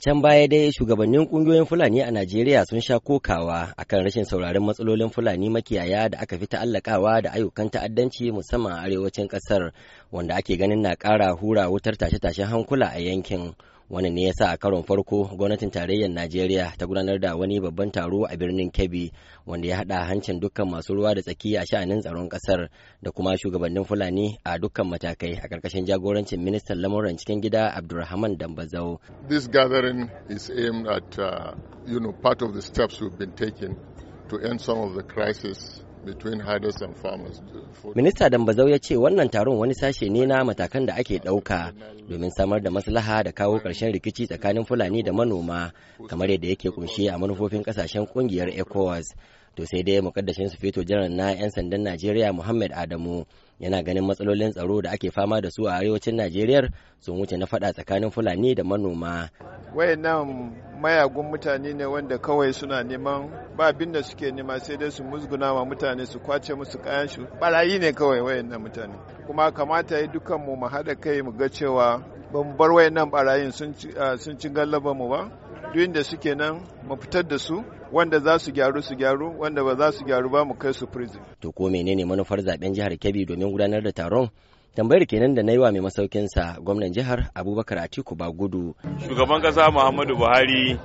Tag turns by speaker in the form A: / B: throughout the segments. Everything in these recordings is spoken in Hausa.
A: can baya dai shugabannin kungiyoyin Fulani a Najeriya sun sha kokawa akan rashin sauraron matsalolin Fulani makiyaya da aka fi ta'allakawa da ayyukan ta'addanci musamman a arewacin ƙasar wanda ake ganin na kara hura wutar tashe-tashen hankula a yankin. wannan ne yasa a karon farko gwamnatin tarayyar najeriya ta gudanar da wani babban taro a birnin kebbi wanda ya hada hancin dukkan masu ruwa da tsaki a sha'anin tsaron kasar da kuma shugabannin fulani a dukkan matakai a karkashin jagorancin ministan lamuran cikin gida abdulrahman dambazau
B: this gathering is aimed at uh, you know, part of the steps we've been taking to end some of the crisis Minista
A: Dambazau ya ce wannan taron wani sashe ne na matakan da ake ɗauka domin samar da maslaha da kawo ƙarshen rikici tsakanin Fulani da manoma kamar yadda yake kunshe a manufofin ƙasashen ƙungiyar ECOWAS. to sai dai mukaddashin su feto janar na 'yan sandan najeriya muhammad adamu yana ganin matsalolin tsaro da ake fama da su a arewacin najeriya sun wuce na fada tsakanin fulani da manoma
B: wayannan mayagun mutane ne wanda kawai suna neman ba abin da suke nema sai dai su musguna wa mutane su kwace musu kayan su barayi ne kawai wayannan mutane kuma kamata yi dukkan mu mu haɗa kai mu ga cewa ban bar wayannan barayin sun ci ah, gallaban mu ba Duyin da suke nan mu fitar da su wanda za su gyaru su gyaru wanda ba za su gyaru ba mu kai su prison.
A: To ko menene manufar zaben jihar Kebbi domin gudanar da taron? Tambayar kenan da na yiwa masaukin mai masaukinsa gwamnan jihar Abubakar Atiku Bagudu.
B: Shugaban kasa
C: Muhammadu Buhari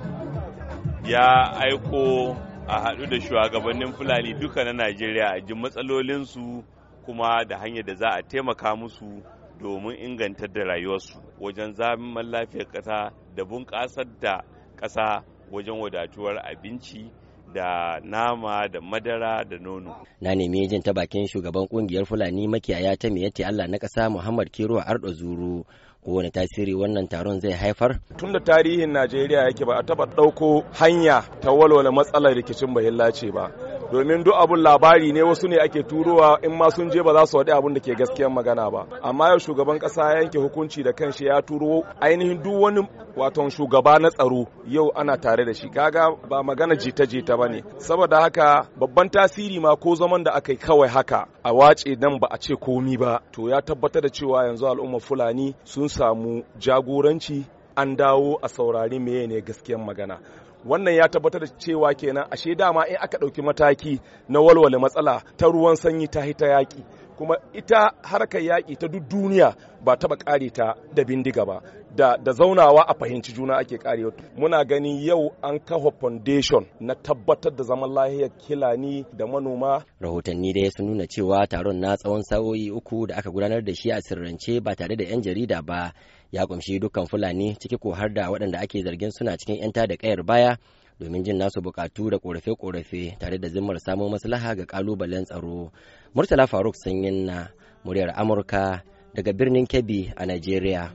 C: ya aiko a haɗu da shugabannin Fulani duka na Najeriya a ji matsalolinsu kuma da hanyar da za a taimaka musu domin inganta da rayuwarsu wajen zaman lafiyar ƙasa da bunƙasar da ƙasa wajen wadatuwar abinci da nama da madara da nono.
A: Na nemi jin ta bakin shugaban kungiyar Fulani makiyaya ta yace Allah na ƙasa Muhammad Kiruwa Ardo Zuru. Kowane tasiri wannan taron zai haifar?
D: Tun da tarihin Najeriya yake ba a taɓa ɗauko hanya ta walwala matsalar rikicin bahillaci ba. domin duk abun labari ne wasu ne ake turowa in ma sun je ba za su abun da ke gaskiyar magana ba amma yau shugaban ƙasa ya yanke hukunci da kanshi ya turo ainihin duk wani waton shugaba na tsaro yau ana tare da shi kaga ba magana jita-jita ba ne saboda haka babban tasiri ma ko zaman da aka yi kawai haka a wace nan ba a ce komi ba to ya tabbatar da cewa yanzu al'umma fulani sun samu jagoranci an dawo a saurari meye ne gaskiyan magana wannan ya tabbatar da cewa kenan ashe dama in aka ɗauki mataki na walwale matsala ta ruwan sanyi ta hita yaƙi kuma ita harkar yaƙi ta duk duniya ba taɓa ƙare ta da bindiga ba da, da zaunawa a fahimci juna ake ƙarewa muna ganin yau an kafa foundation na tabbatar da zaman lahiyar kilani da manoma
A: rahotanni dai sun nuna cewa taron na tsawon sa'o'i uku da aka gudanar da shi a sirrance ba tare da 'yan jarida ba ya ƙunshi dukkan fulani ciki ko har da waɗanda ake zargin suna cikin 'yan da ƙayar baya domin jin nasu bukatu da korafe-korafe tare da zimmar samo maslaha ga kalubalen tsaro. Murtala Faruk Sanyin na muryar Amurka daga birnin Kebbi a Najeriya.